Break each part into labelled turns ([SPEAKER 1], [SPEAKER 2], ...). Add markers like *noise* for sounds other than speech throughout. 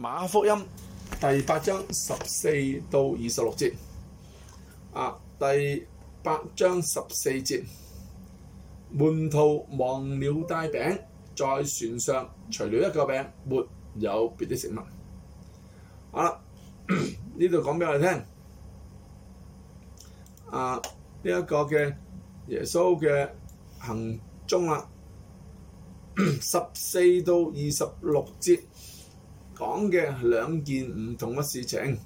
[SPEAKER 1] 馬福音第八章十四到二十六節啊，第八章十四節，門徒忘了帶餅，在船上除了一個餅，沒有別的食物。好啦，呢度講俾我哋聽啊，呢一、啊呢個嘅耶穌嘅行蹤啦、啊，十四到二十六節。講嘅兩件唔同嘅事情，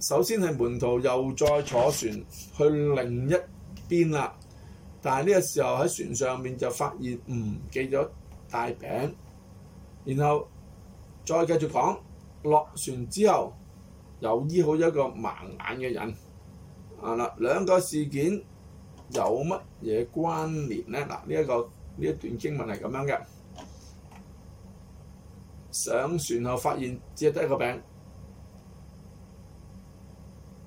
[SPEAKER 1] 首先係門徒又再坐船去另一邊啦，但係呢個時候喺船上面就發現唔記咗帶餅，然後再繼續講落船之後又醫好一個盲眼嘅人，啊啦，兩個事件有乜嘢關聯咧？嗱，呢一個呢一段經文係咁樣嘅。上船後發現只得一個餅。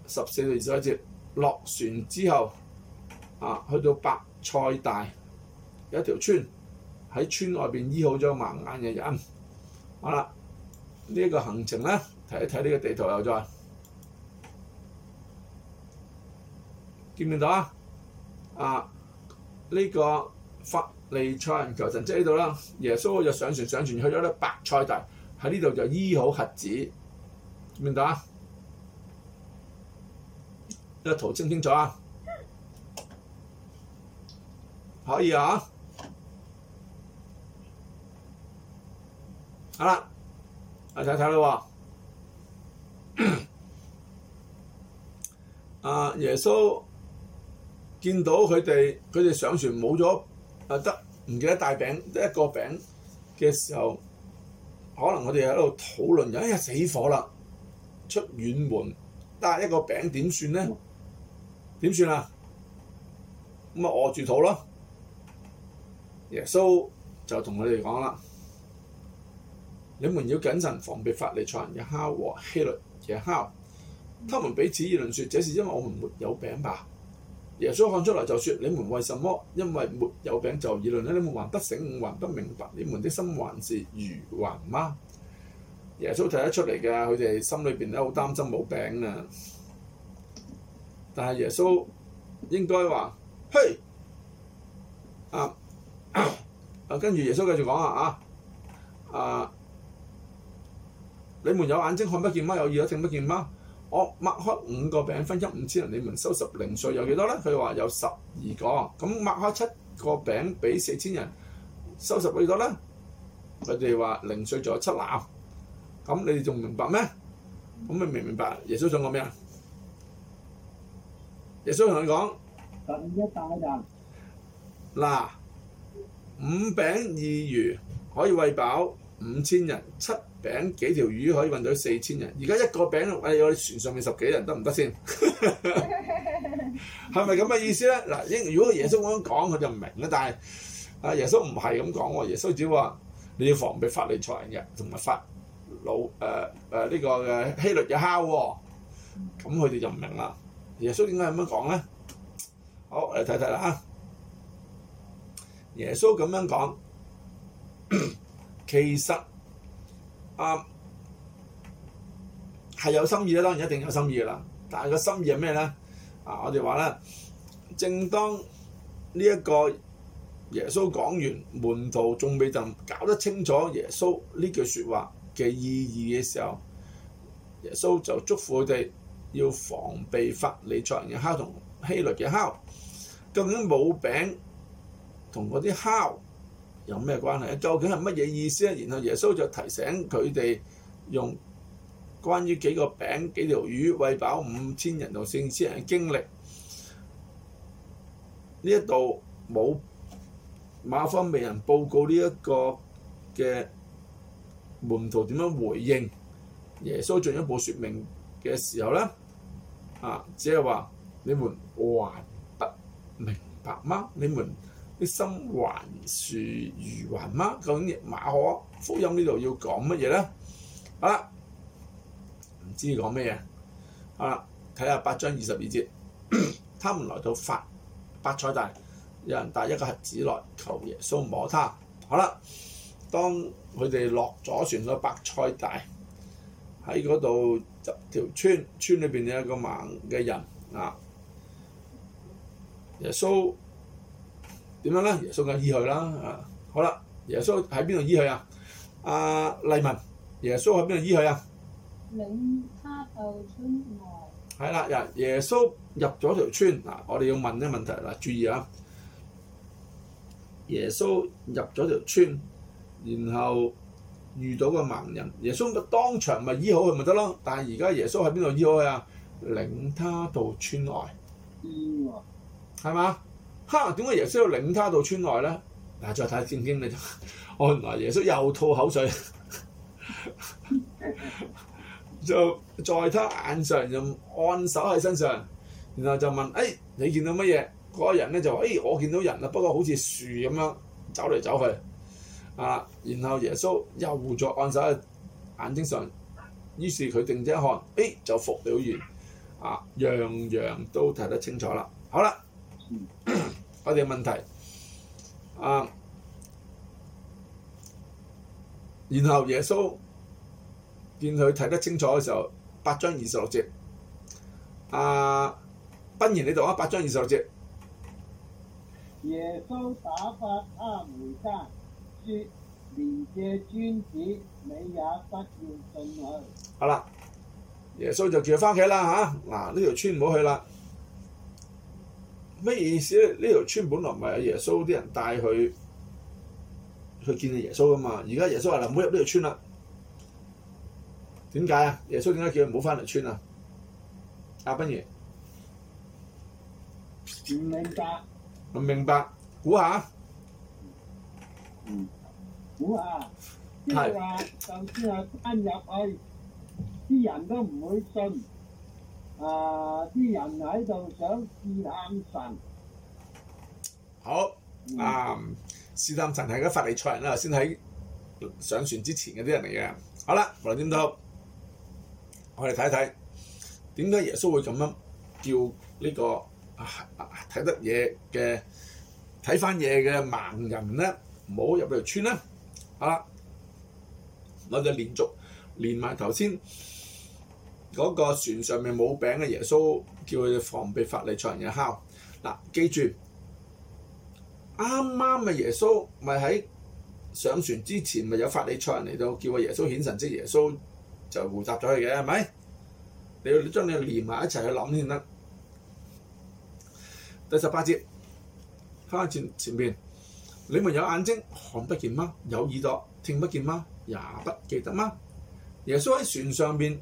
[SPEAKER 1] 十四至二十一節。落船之後，啊，去到伯賽大有一條村，喺村外邊醫好咗盲眼嘅人。好啦，呢、這個行程咧，睇一睇呢個地圖又再見唔見到啊？啊，呢、這個。法利賽人求神跡呢度啦，就是、這裡耶穌就上船，上船去咗咧伯賽大，喺呢度就醫好瞎子，明唔明啊？啲圖清唔清楚啊？可以啊？好啦，嚟睇睇咯喎！啊，耶穌見到佢哋，佢哋上船冇咗。誒、啊、得唔記得帶餅？得一個餅嘅時候，可能我哋喺度討論就：哎呀死火啦！出遠門帶一個餅點算咧？點算啊？咁啊餓住肚咯！耶、yeah, 穌、so, 就同我哋講啦：你們要謹慎防備法利賽人嘅酵和希律嘅酵，他們彼此議論説：這是因為我們沒有餅吧？耶穌看出嚟就説：你們為什麼？因為沒有餅就議論咧。你們還不醒悟，還不明白，你們的心還是愚頑嗎？耶穌睇得出嚟㗎，佢哋心裏面咧好擔心冇餅啊。但係耶穌應該話：嘿，啊，啊跟住耶穌繼續講啊啊你們有眼睛看不見嗎？有耳朵聽不見嗎？我擘開五個餅分一五千人，你們收拾零碎有幾多咧？佢話有十二個。咁擘開七個餅俾四千人，收拾幾多咧？佢哋話零碎仲有七籃。咁你哋仲明白咩？咁你明唔明白？耶穌想講咩啊？耶穌同佢講：，十一大人，嗱，五餅二魚可以餵飽五千人，七。餅幾條魚可以運到四千人，而家一個餅，哎，我船上面十幾人得唔得先？係咪咁嘅意思咧？嗱，應如果耶穌咁樣講，佢就唔明啦。但係阿耶穌唔係咁講喎，耶穌只話你要防備法利賽人嘅同埋法老誒誒呢個嘅希律嘅酵喎，咁佢哋就唔明啦。耶穌點解咁樣講咧？好，我哋睇睇啦嚇！耶穌咁樣講， *coughs* 其實。啊，係、uh, 有心意啦，當然一定有心意啦。但係個心意係咩咧？啊、uh，我哋話咧，正當呢一個耶穌講完，門徒仲未就搞得清楚耶穌呢句說話嘅意義嘅時候，耶穌就祝福佢哋要防備法利賽人嘅酵同希律嘅酵，究竟冇餅同嗰啲酵有咩關係啊？究竟係乜嘢意思啊？然後耶穌就提醒佢哋用關於幾個餅幾條魚餵飽五千人同四千人嘅經歷，呢一度冇馬方未人報告呢一個嘅門徒點樣回應耶穌進一步説明嘅時候咧，啊，只係話你們還不明白嗎？你們？啲心還是愚頑嗎？究竟馬可福音呢度要講乜嘢咧？好啦，唔知講咩啊？好啦，睇下八章二十二節， *coughs* 他們來到法，伯賽大，有人帶一個瞎子來求耶穌摸他。好啦，當佢哋落咗船到伯賽大，喺嗰度入條村，村裏邊有一個盲嘅人啊，耶穌。點樣咧？耶穌就醫佢啦，啊，好啦，耶穌喺邊度醫佢啊？阿麗文，耶穌喺邊度醫佢啊？領他到村外。係啦，又耶穌入咗條村嗱，我哋要問呢個問題嗱，注意啊，耶穌入咗條、啊啊、條村，然後遇到個盲人，耶穌當場咪醫好佢咪得咯？但係而家耶穌喺邊度醫好佢啊？領他到村外。邊啊、嗯哦？係嘛？嚇，點解耶穌要領他到村外咧？嗱，再睇下正經你就原來耶穌又吐口水，呵呵就在他眼上又按手喺身上，然後就問：誒、哎、你見到乜嘢？嗰人咧就，誒、哎、我見到人啦，不過好似樹咁樣走嚟走去，啊，然後耶穌又再按手喺眼睛上，於是佢定睛一看，誒、哎、就復了原啊，樣樣都睇得清楚啦。好啦。 *coughs* 我哋嘅問題，啊，然後耶穌見佢睇得清楚嘅時候，八章二十六節，啊，不然你讀啊，八章二十六節。耶穌打發他回家，説：連這村子你也不要進去。好啦，耶穌就叫佢翻屋企啦嚇，嗱呢條村唔好去啦。咩意思咧？呢條村本來唔係有耶穌啲人帶去去見耶穌噶嘛？而家耶穌話：嗱，唔好入呢條村啦。點解啊？耶穌點解叫佢唔好翻入村啊？阿斌爺，唔明白。唔明白。估下。下嗯。估下。係。首先係翻入去，啲人都唔會信。啊！啲人喺度想試探神，好、嗯、啊！試探神係個法利賽人啦、啊，先喺上船之前嗰啲人嚟嘅。好啦，我哋點到，我哋睇一睇點解耶穌會咁樣叫呢、呢個睇、啊啊、得嘢嘅、睇翻嘢嘅盲人咧，唔好入去條村啦。好啦，我哋連續連埋頭先。嗰個船上面冇餅嘅，耶穌叫佢哋防備法利賽人嘅酵嗱，記住啱啱嘅耶穌咪喺上船之前咪有法利賽人嚟到叫個耶穌顯神蹟，耶穌就負責咗佢嘅係咪？你要將你連埋一齊去諗先得。第十八節，翻前前面，你們有眼睛看不見嗎？有耳朵聽不見嗎？也不記得嗎？耶穌喺船上邊。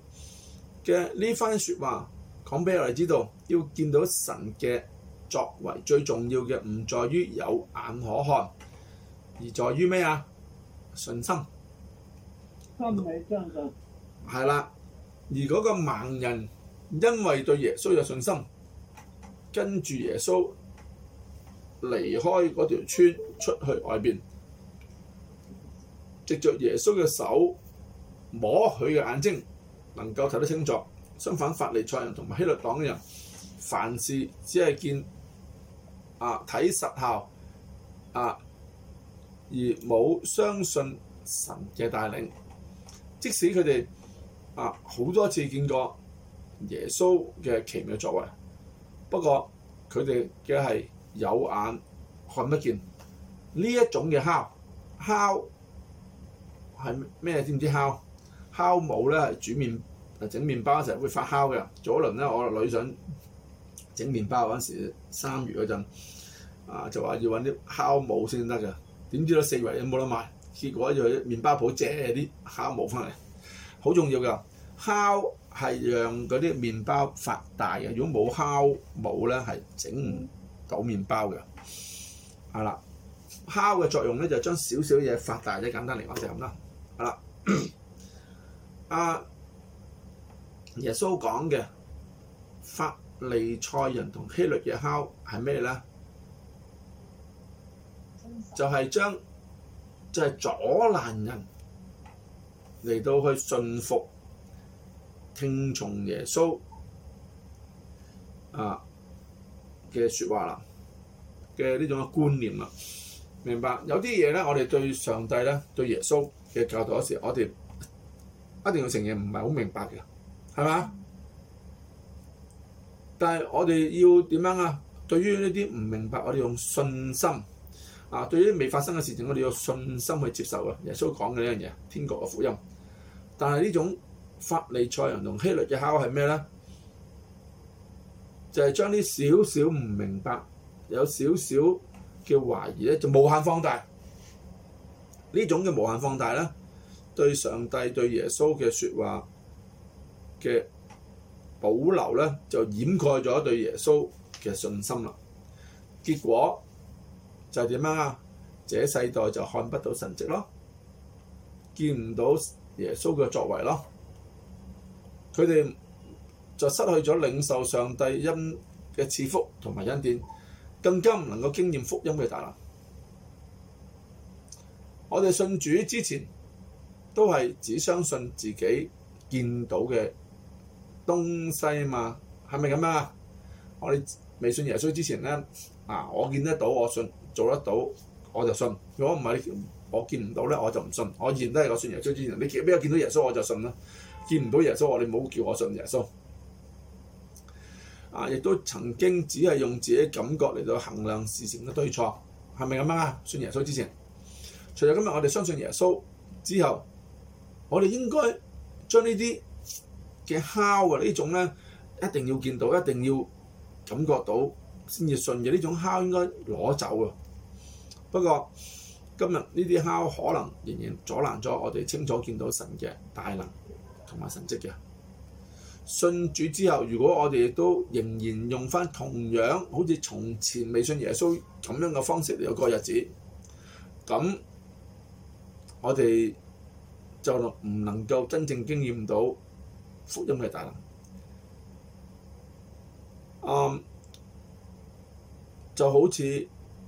[SPEAKER 1] 嘅呢番説話講俾我哋知道，要見到神嘅作為，最重要嘅唔在於有眼可看，而在於咩啊？信心，心裏相信。係啦，而嗰個盲人因為對耶穌有信心，跟住耶穌離開嗰條村出去外邊，藉着耶穌嘅手摸佢嘅眼睛。能夠睇得清楚，相反法利賽人同埋希律黨嘅人，凡事只係見啊睇實效啊，而冇相信神嘅帶領。即使佢哋啊好多次見過耶穌嘅奇妙作為，不過佢哋嘅係有眼看不見。呢一種嘅敲敲係咩？知唔知敲？酵母咧係煮麵啊，整麵包嗰時會發酵嘅。早輪咧，我女想整麵包嗰陣，三月嗰陣啊，就話要揾啲酵母先得嘅。點知咧，四圍有冇得買，結果就去麵包鋪借啲酵母翻嚟，好重要嘅。酵係讓嗰啲麵包發大嘅。如果冇酵母咧，係整唔到麵包嘅。係啦，酵嘅作用咧，就將少少嘢發大嘅，即係簡單嚟講就咁啦。係啦。 *coughs* 阿、啊、耶穌講嘅法利賽人同希律嘅酵係咩咧？就係、是、將就係、是、阻攔人嚟到去信服聽從耶穌啊嘅説話啦，嘅呢種嘅觀念啦，明白？有啲嘢咧，我哋對上帝咧，對耶穌嘅教導嗰時，我哋。一定要承認，唔係好明白嘅，係嘛？但係我哋要點樣啊？對於呢啲唔明白，我哋用信心啊！對於未發生嘅事情，我哋要信心去接受啊！耶穌講嘅呢樣嘢，天國嘅福音。但係呢種法利賽人同希律嘅酵係咩咧？就係將啲少少唔明白，有少少嘅懷疑咧，就無限放大，呢種嘅無限放大啦。對上帝對耶穌嘅說話嘅保留咧，就掩蓋咗對耶穌嘅信心啦。結果就係點樣啊？這世代就看不到神跡咯，見唔到耶穌嘅作為咯。佢哋就失去咗領受上帝恩嘅賜福同埋恩典，更加唔能夠經驗福音嘅大能。我哋信主之前。都係只相信自己見到嘅東西嘛？係咪咁啊？我哋未信耶穌之前咧，啊，我見得到，我信，做得到，我就信。如果唔係我見唔到咧，我就唔信。我現都係我信耶穌之前，你俾我見到耶穌我就信啦。見唔到耶穌，我你冇叫我信耶穌啊！亦都曾經只係用自己感覺嚟到衡量事情嘅對錯，係咪咁啊？信耶穌之前，除咗今日我哋相信耶穌之後。我哋應該將、啊、呢啲嘅酵啊，呢種咧，一定要見到，一定要感覺到先至信嘅呢種酵應該攞走啊！不過今日呢啲酵可能仍然阻攔咗我哋清楚見到神嘅大能同埋神跡嘅。信主之後，如果我哋亦都仍然用翻同樣好似從前未信耶穌咁樣嘅方式嚟到過日子，咁我哋，就唔能夠真正經驗到福音嘅大能。嗯、um，就好似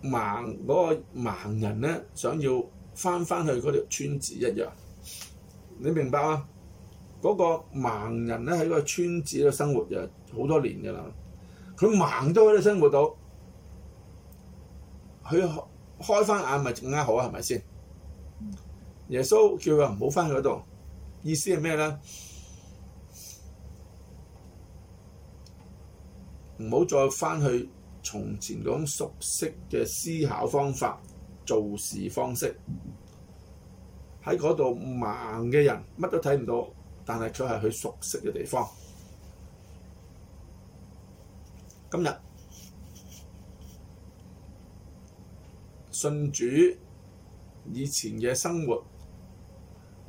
[SPEAKER 1] 盲嗰個盲人咧，想要翻返去嗰條村子一樣。你明白嗎？嗰個盲人咧喺個村子度生活就好多年嘅啦，佢盲咗喺度生活到，佢開翻眼咪更加好啊？係咪先？耶穌叫佢唔好返去嗰度，意思係咩呢？唔好再返去從前嗰種熟悉嘅思考方法、做事方式，喺嗰度盲嘅人乜都睇唔到，但係佢係佢熟悉嘅地方。今日信主以前嘅生活。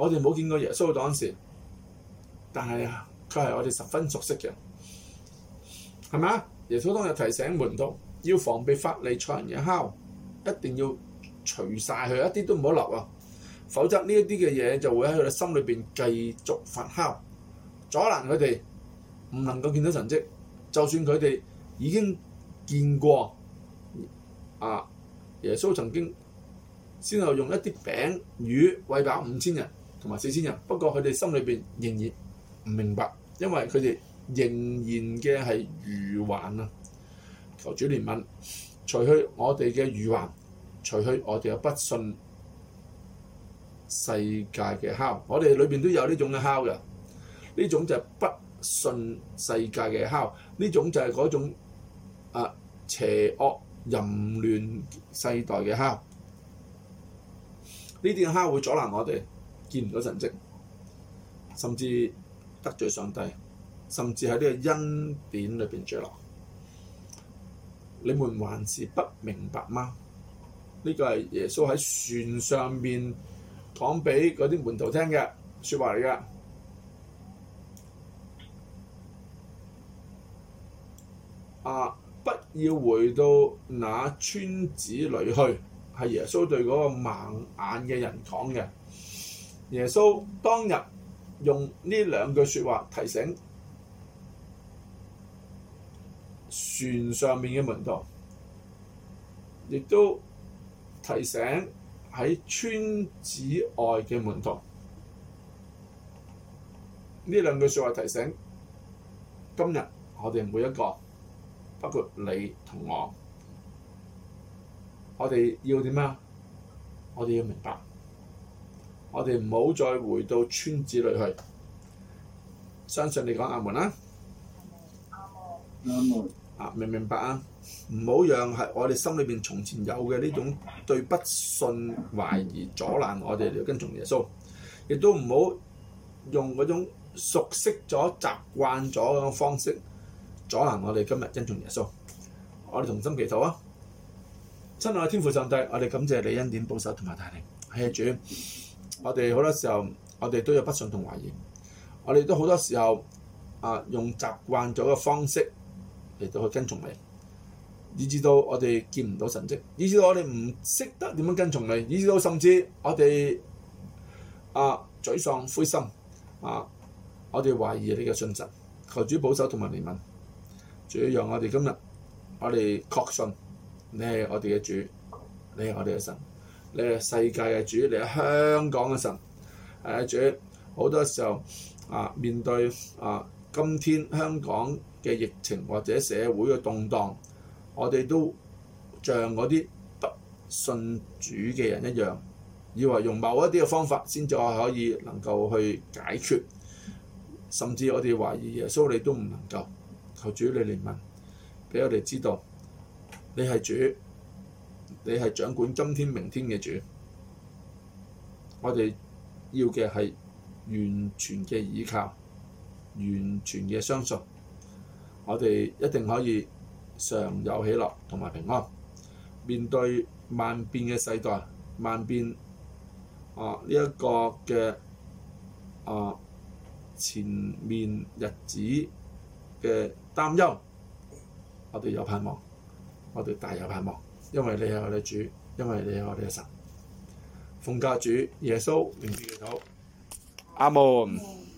[SPEAKER 1] 我哋冇見過耶穌當時，但係佢係我哋十分熟悉嘅，係咪啊？耶穌當日提醒門徒要防備法利賽人嘅酵，一定要除晒佢，一啲都唔好留啊！否則呢一啲嘅嘢就會喺佢哋心裏邊繼續發酵，阻攔佢哋唔能夠見到神跡。就算佢哋已經見過啊，耶穌曾經先後用一啲餅魚餵飽五千人。同埋四千人，不過佢哋心裏邊仍然唔明白，因為佢哋仍然嘅係愚頑啊。求主憐憫，除去我哋嘅愚頑，除去我哋有不信世界嘅酵，我哋裏邊都有呢種嘅酵嘅。呢種就係不信世界嘅酵，呢種就係嗰種啊、呃、邪惡淫亂世代嘅酵。呢啲酵會阻攔我哋。見唔到神跡，甚至得罪上帝，甚至喺呢個恩典裏邊墜落，你們還是不明白嗎？呢、這個係耶穌喺船上面講俾嗰啲門徒聽嘅説話嚟嘅。啊，不要回到那村子裏去，係耶穌對嗰個盲眼嘅人講嘅。耶穌當日用呢兩句説話提醒船上面嘅門徒，亦都提醒喺村子外嘅門徒。呢兩句説話提醒今日我哋每一個，包括你同我，我哋要點啊？我哋要明白。我哋唔好再回到村子裏去。相信你講，阿門啦。阿門。阿門。啊，明唔明白啊！唔好讓係我哋心裏邊從前有嘅呢種對不信懷疑阻攔我哋嚟跟從耶穌，亦都唔好用嗰種熟悉咗、習慣咗嘅方式阻攔我哋今日跟從耶穌。我哋同心祈禱啊！親愛天父上帝，我哋感謝你恩典保守同埋帶領。謝主。我哋好多時候，我哋都有不信同懷疑，我哋都好多時候啊，用習慣咗嘅方式嚟到去跟從你，以至到我哋見唔到神跡，以至到我哋唔識得點樣跟從你，以至到甚至我哋啊沮喪灰心啊，我哋懷疑你嘅信實，求主保守同埋憐憫，仲要讓我哋今日我哋確信你係我哋嘅主，你係我哋嘅神。.你係世界嘅主，你係香港嘅神，誒主，好多時候啊，面對啊今天香港嘅疫情或者社會嘅動盪，我哋都像嗰啲不信主嘅人一樣，以為用某一啲嘅方法先至可以能夠去解決，甚至我哋懷疑耶穌你都唔能夠，求主你憐憫，俾我哋知道你係主。你係掌管今天、明天嘅主，我哋要嘅係完全嘅依靠、完全嘅相信，我哋一定可以常有喜樂同埋平安。面對萬變嘅世代、萬變啊呢一個嘅啊前面日子嘅擔憂，我哋有盼望，我哋大有盼望。因為你係我哋主，因為你係我哋神，奉教主耶穌名字祈禱，嗯、阿門。